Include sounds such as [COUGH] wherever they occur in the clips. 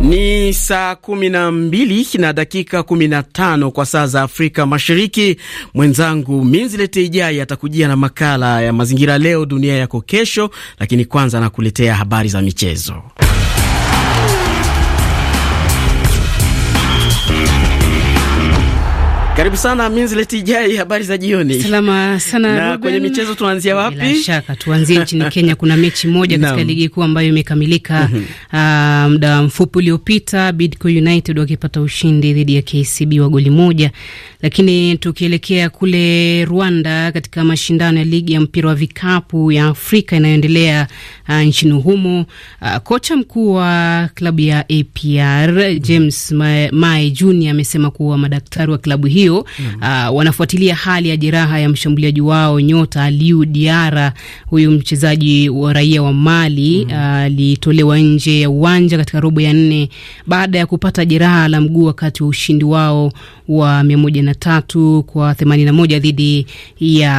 Ni saa kumi na mbili na dakika kumi na tano kwa saa za Afrika Mashariki. Mwenzangu Minzilete Ijai atakujia na makala ya mazingira, leo dunia yako kesho, lakini kwanza anakuletea habari za michezo. Karibu sana Minzileti Jai, habari za jioni. Salama sana. Na Ruben, kwenye michezo tuanzia wapi? Bila shaka tuanzie nchini Kenya. Kuna mechi moja no. katika ligi kuu ambayo imekamilika mhm. ah, muda mm -hmm. mfupi uliopita, Bidco United wakipata ushindi dhidi ya KCB wa goli moja. Lakini tukielekea kule Rwanda katika mashindano ya ligi ya mpira wa vikapu ya Afrika inayoendelea uh, nchini humo uh, kocha mkuu wa klabu ya APR James Mai Junior amesema kuwa madaktari wa klabu hiyo hiyo mm -hmm. uh, wanafuatilia hali ya jeraha ya mshambuliaji wao nyota liu Diara, huyu mchezaji wa raia wa Mali mm-hmm. ah, alitolewa mm -hmm. uh, nje ya uwanja katika robo ya nne baada ya kupata jeraha la mguu wakati wa ushindi wao wa tatu kwa moja dhidi ya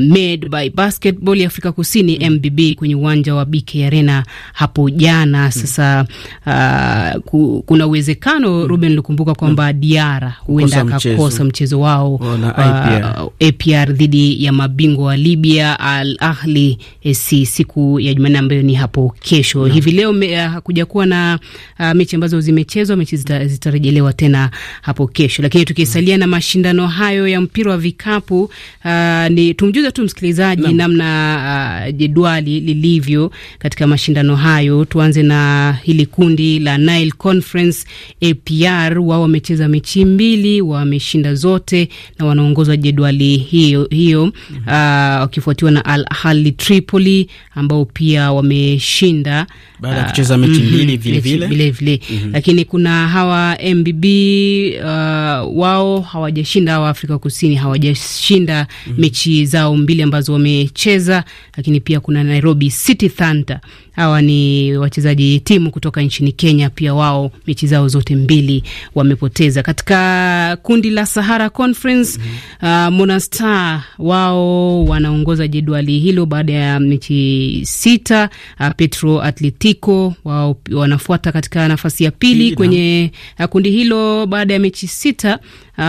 Made by Basketball ya Afrika Kusini mm -hmm. MBB kwenye uwanja wa BK Arena hapo jana. Mm-hmm. Sasa uh, kuna uwezekano mm -hmm. Ruben likumbuka kwamba mm -hmm. Diara huenda akakosa mchezo wao Ola, oh, APR. Uh, APR dhidi ya mabingwa wa Libya Al Ahli eh, SC siku ya Jumanne ambayo ni hapo kesho. na. Hivi leo uh, hakuja kuwa na uh, mechi ambazo zimechezwa, mechi zitarejelewa zita tena hapo kesho. Lakini tukisalia no. na mashindano hayo ya mpira wa vikapu uh, ni tumjuza tu msikilizaji no. namna uh, jedwali lilivyo katika mashindano hayo. Tuanze na hili kundi la Nile Conference APR, wao wamecheza mechi mbili, wameshinda zote na wanaongoza jedwali hiyo hiyo, mm -hmm. wakifuatiwa na Al Ahly Tripoli ambao pia wameshinda baada ya ah, kucheza mechi mhm, mbili vile vile, mhm. lakini kuna hawa MBB uh, ah, wao hawajashinda, hawa Afrika Kusini hawajashinda mm -hmm. mechi zao mbili ambazo wamecheza, lakini pia kuna Nairobi City Thunder hawa ni wachezaji timu kutoka nchini Kenya, pia wao mechi zao zote mbili wamepoteza. Katika kundi la Sahara Conference, mhm. uh, Monastar wao wanaongoza jedwali hilo baada ya mechi sita. Uh, Petro Atletico wao wanafuata katika nafasi ya pili kwenye uh, kundi hilo baada ya mechi sita, uh,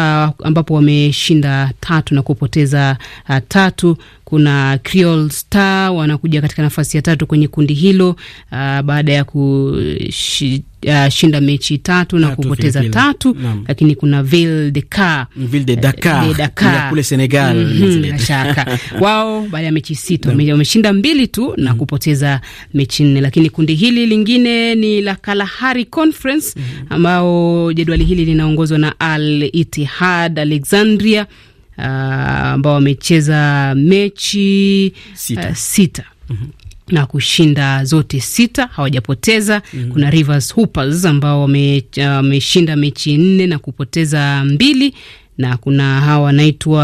ambapo wameshinda tatu na kupoteza uh, tatu kuna Creole Star wanakuja katika nafasi ya tatu kwenye kundi hilo, uh, baada ya kushi, uh, shinda mechi tatu na tatu, kupoteza tatu Naam. Lakini kuna Ville de Dakar, Ville de Dakar, de Dakar. kule Senegal mm-hmm, shaka [LAUGHS] wao baada ya mechi sita wameshinda mbili tu na mhm. kupoteza mechi nne, lakini kundi hili lingine ni la Kalahari Conference mhm. ambao jedwali hili linaongozwa na Al Ittihad Alexandria Uh, ambao wamecheza mechi sita, uh, sita. Mm -hmm. na kushinda zote sita hawajapoteza. mm -hmm. Kuna Rivers Hoopers ambao uh, wameshinda uh, mechi nne na kupoteza mbili na kuna hawa wanaitwa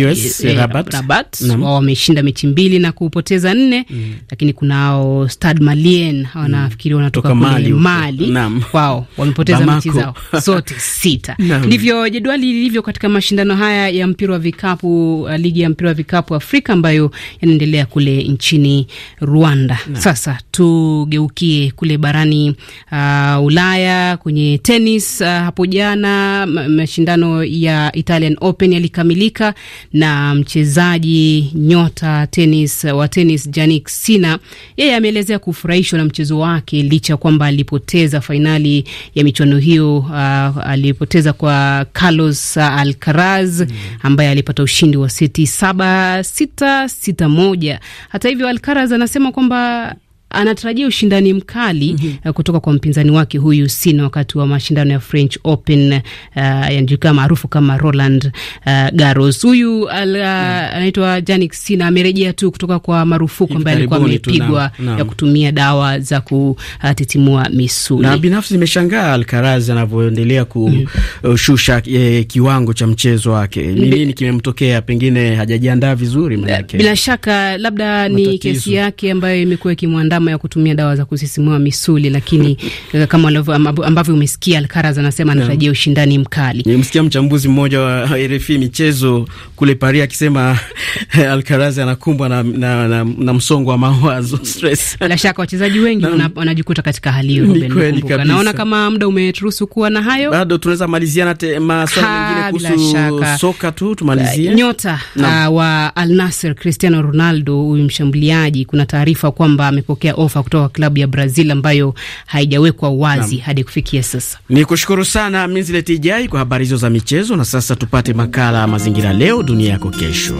eh, eh, Rabat, wao wameshinda mechi mbili na kupoteza nne mm. Lakini kuna hao Stad Malien hawa mm. nafikiri wanatoka kule Mali, Mali. Wao wamepoteza mechi zao zote sita. [LAUGHS] Ndivyo jedwali lilivyo katika mashindano haya ya mpira wa vikapu, eh, ligi ya mpira wa vikapu Afrika ambayo yanaendelea kule nchini Rwanda Naam. Sasa tugeukie kule barani uh, Ulaya kwenye tenis uh, ah, hapo jana mashindano ya Italian Open yalikamilika na mchezaji nyota tenis wa tenis Jannik Sinner yeye ameelezea kufurahishwa na mchezo wake licha kwamba alipoteza fainali ya michuano hiyo. Uh, alipoteza kwa Carlos Alcaraz mm, ambaye alipata ushindi wa seti saba sita sita moja. Hata hivyo Alcaraz anasema kwamba anatarajia ushindani mkali mm -hmm. kutoka kwa mpinzani wake huyu Sina wakati wa mashindano ya French Open uh, yanajulikana maarufu kama Roland uh, Garros. Huyu mhm. anaitwa yeah. Janik Sina amerejea tu kutoka kwa marufuku ambayo alikuwa amepigwa ya kutumia dawa za kutitimua misuli, na binafsi nimeshangaa Alcaraz anavyoendelea kushusha mm -hmm. e, kiwango cha mchezo wake. Ni nini kimemtokea? Pengine hajajiandaa vizuri, manake bila shaka labda Matatizo. ni kesi yake ambayo imekuwa ikimwanda gharama ya kutumia dawa za kusisimua misuli, lakini [LAUGHS] eh, kama ambavyo umesikia Alcaraz anasema anatarajia ushindani mkali. Nimsikia mchambuzi mmoja wa [LAUGHS] RFI michezo kule Paris akisema [LAUGHS] Alcaraz anakumbwa na, na, na, na msongo wa mawazo stress. Bila shaka wachezaji wengi wanajikuta katika hali hiyo. Naona kama muda umeturuhusu kuwa na hayo, bado tunaweza maliziana maswala mengine kuhusu soka tu tumalizie. Nyota uh, wa Al Nassr Cristiano Ronaldo, huyu mshambuliaji, kuna taarifa kwamba amepokea kupokea ofa kutoka klabu ya Brazil ambayo haijawekwa wazi hadi kufikia sasa. Ni kushukuru sana Minzile Tijai kwa habari hizo za michezo, na sasa tupate makala ya mazingira, leo dunia yako kesho.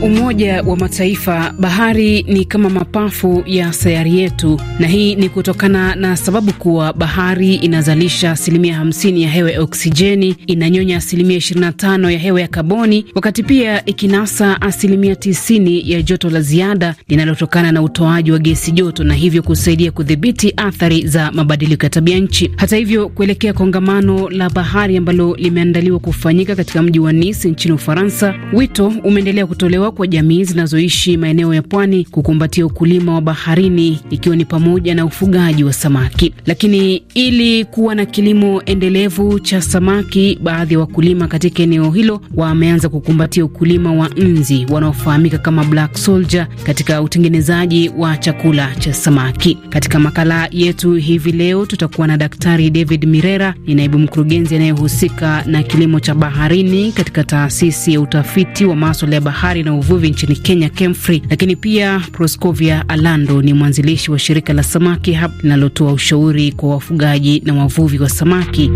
Umoja wa Mataifa, bahari ni kama mapafu ya sayari yetu, na hii ni kutokana na sababu kuwa bahari inazalisha asilimia 50 ya hewa ya oksijeni, inanyonya asilimia 25 ya hewa ya kaboni, wakati pia ikinasa asilimia 90 ya joto la ziada linalotokana na utoaji wa gesi joto, na hivyo kusaidia kudhibiti athari za mabadiliko ya tabia nchi. Hata hivyo, kuelekea kongamano la bahari ambalo limeandaliwa kufanyika katika mji wa Nice nchini Ufaransa, wito umeendelea kutolewa kuchelewa kwa jamii zinazoishi maeneo ya pwani kukumbatia ukulima wa baharini ikiwa ni pamoja na ufugaji wa samaki. Lakini ili kuwa na kilimo endelevu cha samaki, baadhi ya wa wakulima katika eneo hilo wameanza kukumbatia ukulima wa nzi wanaofahamika kama black soldier katika utengenezaji wa chakula cha samaki. Katika makala yetu hivi leo tutakuwa na Daktari David Mirera, ni naibu mkurugenzi anayehusika na kilimo cha baharini katika taasisi ya utafiti wa maswala ya bahari bandari na uvuvi nchini Kenya, KEMFRI. Lakini pia Proscovia Alando ni mwanzilishi wa shirika la Samaki Hub linalotoa ushauri kwa wafugaji na wavuvi wa samaki.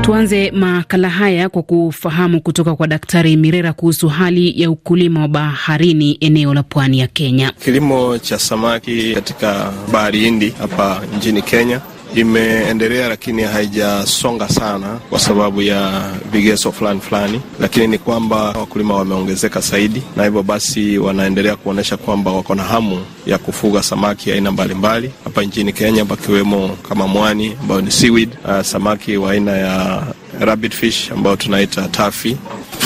Tuanze makala haya kwa kufahamu kutoka kwa Daktari Mirera kuhusu hali ya ukulima wa baharini eneo la pwani ya Kenya. Kilimo cha samaki katika bahari Hindi hapa nchini Kenya imeendelea, lakini haijasonga sana kwa sababu ya vigezo fulani fulani, lakini ni kwamba wakulima wameongezeka zaidi, na hivyo basi wanaendelea kuonyesha kwamba wako na hamu ya kufuga samaki aina mbalimbali hapa nchini Kenya, pakiwemo kama mwani ambayo ni seaweed, uh, samaki wa aina ya rabbit fish ambayo tunaita tafi,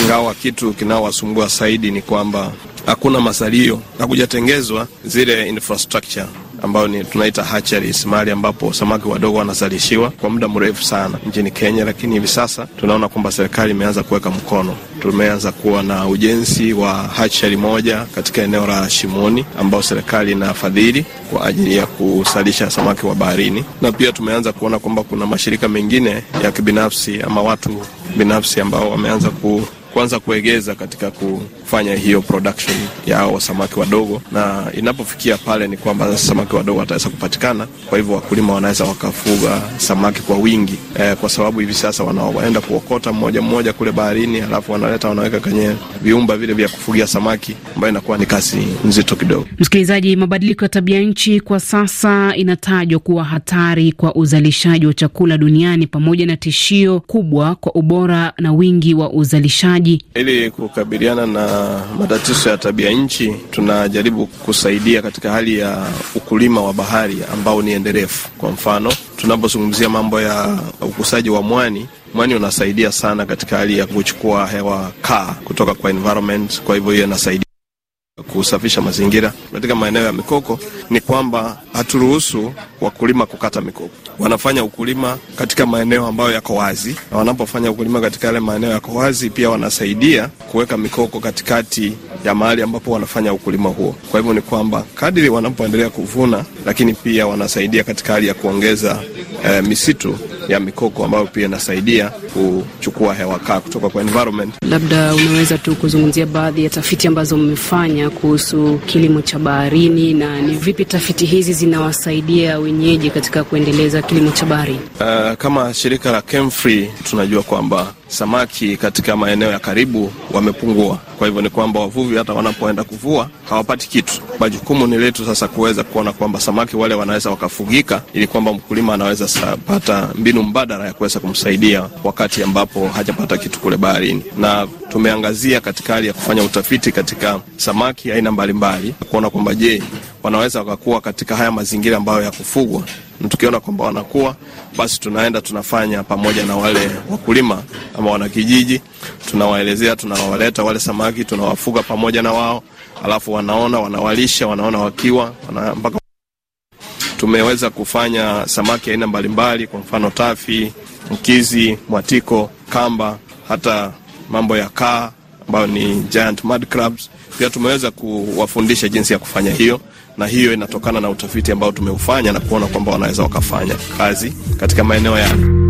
ingawa kitu kinaowasumbua zaidi ni kwamba hakuna masalio na kujatengezwa zile infrastructure ambayo ni tunaita hatcheries, mahali ambapo samaki wadogo wanazalishiwa kwa muda mrefu sana nchini Kenya, lakini hivi sasa tunaona kwamba serikali imeanza kuweka mkono. Tumeanza kuwa na ujenzi wa hatchery moja katika eneo la Shimoni ambao serikali inafadhili kwa ajili ya kusalisha samaki wa baharini, na pia tumeanza kuona kwamba kuna mashirika mengine ya kibinafsi ama watu binafsi ambao wameanza ku kuanza kuegeza katika kufanya hiyo production ya hao samaki wadogo, na inapofikia pale ni kwamba samaki wadogo wataweza kupatikana. Kwa hivyo wakulima wanaweza wakafuga samaki kwa wingi eh, kwa sababu hivi sasa wanaenda kuokota mmoja mmoja kule baharini, halafu wanaleta wanaweka kwenye viumba vile vya kufugia samaki, ambayo inakuwa ni kazi nzito kidogo. Msikilizaji, mabadiliko ya tabia nchi kwa sasa inatajwa kuwa hatari kwa uzalishaji wa chakula duniani pamoja na tishio kubwa kwa ubora na wingi wa uzalishaji. Ili kukabiliana na matatizo ya tabia nchi, tunajaribu kusaidia katika hali ya ukulima wa bahari ambao ni endelevu. Kwa mfano tunapozungumzia mambo ya ukusaji wa mwani mwani unasaidia sana katika hali ya kuchukua hewa kaa kutoka kwa environment, kwa hivyo hiyo inasaidia kusafisha mazingira. Katika maeneo ya mikoko ni kwamba haturuhusu wakulima kukata mikoko wanafanya ukulima katika maeneo ambayo yako wazi, na wanapofanya ukulima katika yale maeneo yako wazi, pia wanasaidia kuweka mikoko katikati ya mahali ambapo wanafanya ukulima huo. Kwa hivyo ni kwamba kadiri wanapoendelea kuvuna, lakini pia wanasaidia katika hali ya kuongeza eh, misitu ya mikoko ambayo pia inasaidia kuchukua hewa kaa kutoka kwa environment. Labda unaweza tu kuzungumzia baadhi ya tafiti ambazo mmefanya kuhusu kilimo cha baharini na ni vipi tafiti hizi zinawasaidia wenyeji katika kuendeleza kilimo cha bahari? Uh, kama shirika la Kemfree tunajua kwamba samaki katika maeneo ya karibu wamepungua. Kwa hivyo ni kwamba wavuvi hata wanapoenda kuvua hawapati kitu. Majukumu ni letu sasa kuweza kuona kwamba samaki wale wanaweza wakafugika, ili kwamba mkulima anaweza pata mbinu mbadala ya kuweza kumsaidia wakati ambapo hajapata kitu kule baharini. Na tumeangazia katika hali ya kufanya utafiti katika samaki aina mbalimbali kuona kwamba je, wanaweza wakakuwa katika haya mazingira ambayo ya kufugwa, na tukiona kwamba wanakuwa, basi tunaenda tunafanya pamoja na wale wakulima ama wanakijiji, tunawaelezea, tunawaleta wale samaki, tunawafuga pamoja na wao, alafu wanaona, wanawalisha, wanaona wakiwa wana, mpaka tumeweza kufanya samaki aina mbalimbali, kwa mfano tafi, mkizi, mwatiko, kamba, hata mambo ya kaa ambayo ni giant mud clubs Pia tumeweza kuwafundisha jinsi ya kufanya hiyo na hiyo inatokana na utafiti ambao tumeufanya na kuona kwamba wanaweza wakafanya kazi katika maeneo yao.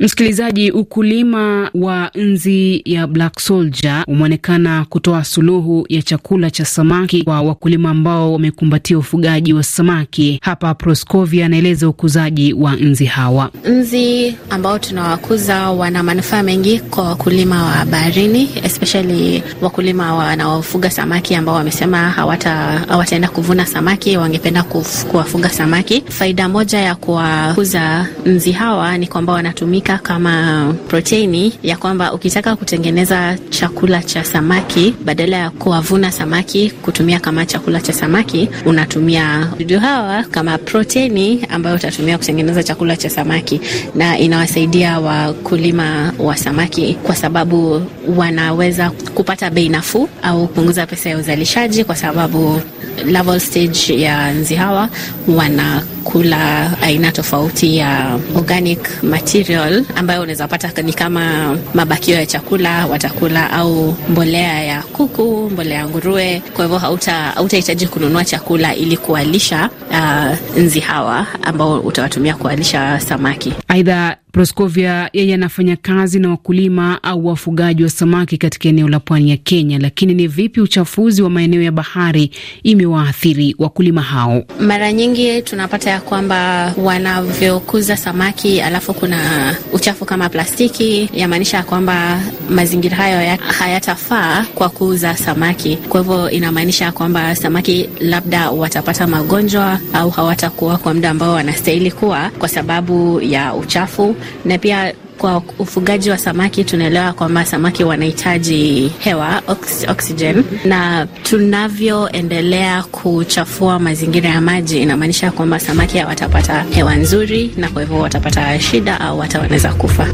Msikilizaji, ukulima wa nzi ya black soldier umeonekana kutoa suluhu ya chakula cha samaki kwa wakulima ambao wamekumbatia ufugaji wa samaki. Hapa Proscovia anaeleza ukuzaji wa nzi hawa. Nzi ambao tunawakuza wana manufaa mengi kwa wakulima wa baharini, especially wakulima wanaofuga samaki ambao wamesema hawata hawataenda kuvuna samaki, wangependa kuwafuga samaki. Faida moja ya kuwakuza nzi hawa ni kwamba wanatumika inatumika kama proteini ya kwamba ukitaka kutengeneza chakula cha samaki, badala ya kuwavuna samaki kutumia kama chakula cha samaki, unatumia dudu hawa kama proteini ambayo utatumia kutengeneza chakula cha samaki, na inawasaidia wakulima wa samaki kwa sababu wanaweza kupata bei nafuu au kupunguza pesa ya uzalishaji kwa sababu level stage ya nzi hawa wanakula aina tofauti ya organic material ambayo unaweza pata ni kama mabakio ya chakula watakula, au mbolea ya kuku, mbolea ya ngurue Kwa hivyo hautahitaji hauta kununua chakula ili kuwalisha uh, nzi hawa ambao utawatumia kuwalisha samaki. Aidha, Proskovia yeye anafanya kazi na wakulima au wafugaji wa samaki katika eneo la pwani ya Kenya, lakini ni vipi uchafuzi wa maeneo ya bahari imewaathiri wakulima hao? Mara nyingi tunapata ya kwamba wanavyokuza samaki, alafu kuna uchafu kama plastiki, yamaanisha ya kwamba mazingira hayo hayatafaa kwa kuuza samaki. Kwa hivyo inamaanisha ya kwamba samaki labda watapata magonjwa au hawatakuwa kwa muda ambao wanastahili kuwa kwa sababu ya uchafu na pia kwa ufugaji wa samaki tunaelewa kwamba samaki wanahitaji hewa mm -hmm. na tunavyoendelea kuchafua mazingira ya maji inamaanisha kwamba samaki hawatapata hewa nzuri, na kwa hivyo watapata shida au hata wanaweza kufa.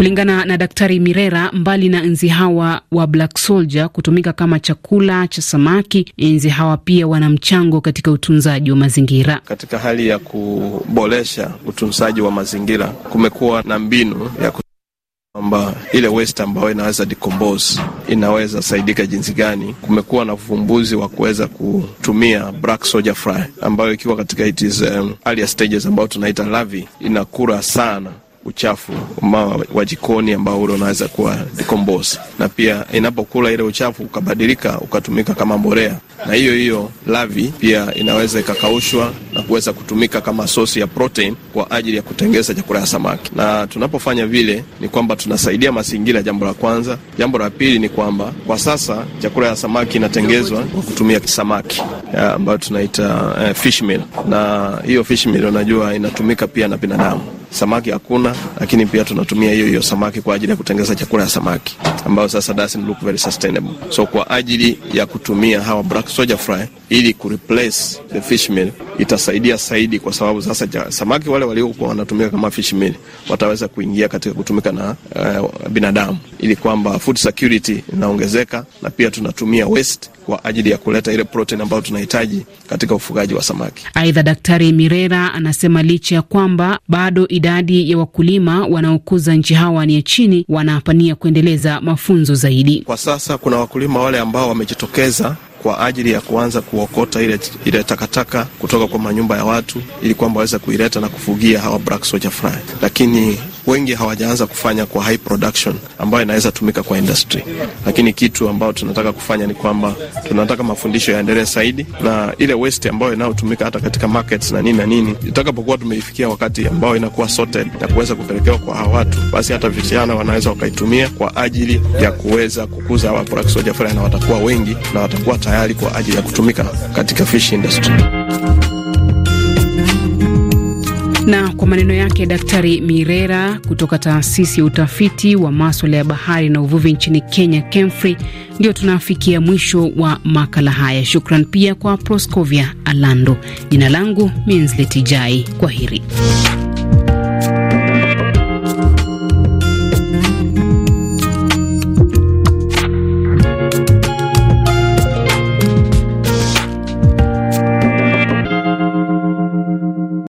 Kulingana na Daktari Mirera, mbali na nzi hawa wa black soldier kutumika kama chakula cha samaki, nzi hawa pia wana mchango katika utunzaji wa mazingira. Katika hali ya kuboresha utunzaji wa mazingira, kumekuwa na mbinu ya kwamba ile waste ambayo inaweza decompose inaweza saidika jinsi gani. Kumekuwa na uvumbuzi wa kuweza kutumia black soldier fly ambayo ikiwa katika it is um, earlier stages ambayo tunaita larvae inakura sana uchafu ambao wa jikoni ambao ule unaweza kuwa decompose, na pia inapokula ile uchafu ukabadilika ukatumika kama mbolea, na hiyo hiyo lavi pia inaweza ikakaushwa na kuweza kutumika kama sosi ya protein kwa ajili ya kutengeza chakula ya samaki. Na tunapofanya vile ni kwamba tunasaidia mazingira, jambo la kwanza. Jambo la pili ni kwamba kwa sasa chakula ya samaki inatengezwa kwa kutumia samaki ambayo tunaita uh, fish meal, na hiyo fish meal unajua inatumika pia na binadamu samaki hakuna, lakini pia tunatumia hiyo hiyo samaki kwa ajili ya kutengeneza chakula ya samaki ambayo sasa doesn't look very sustainable. So kwa ajili ya kutumia hawa black soldier fry ili kureplace the fish meal itasaidia zaidi, kwa sababu sasa ja, samaki wale waliokuwa wanatumika kama fish meal wataweza kuingia katika kutumika na uh, binadamu ili kwamba food security inaongezeka na pia tunatumia waste kwa ajili ya kuleta ile protein ambayo tunahitaji katika ufugaji wa samaki. Aidha, Daktari Mirera anasema licha ya kwamba bado idadi ya wakulima wanaokuza nchi hawa ni ya chini, wanapania kuendeleza mafunzo zaidi. Kwa sasa kuna wakulima wale ambao wamejitokeza kwa ajili ya kuanza kuokota ile, ile takataka kutoka kwa manyumba ya watu ili kwamba waweze kuileta na kufugia hawa black soldier fly, lakini wengi hawajaanza kufanya kwa high production ambayo inaweza tumika kwa industry, lakini kitu ambayo tunataka kufanya ni kwamba tunataka mafundisho yaendelee zaidi, na ile waste ambayo inayotumika hata katika markets na nini na nini, itakapokuwa tumeifikia wakati ambao inakuwa sorted na kuweza kupelekewa kwa hawa watu, basi hata vijana wanaweza wakaitumia kwa ajili ya kuweza kukuza hawa products na watakuwa wengi na watakuwa tayari kwa ajili ya kutumika katika fish industry. Na kwa maneno yake Daktari Mirera kutoka taasisi ya utafiti wa maswala ya bahari na uvuvi nchini Kenya, KEMFRI, ndio tunafikia mwisho wa makala haya. Shukran pia kwa Proscovia Alando. Jina langu Minzletijai, kwa heri.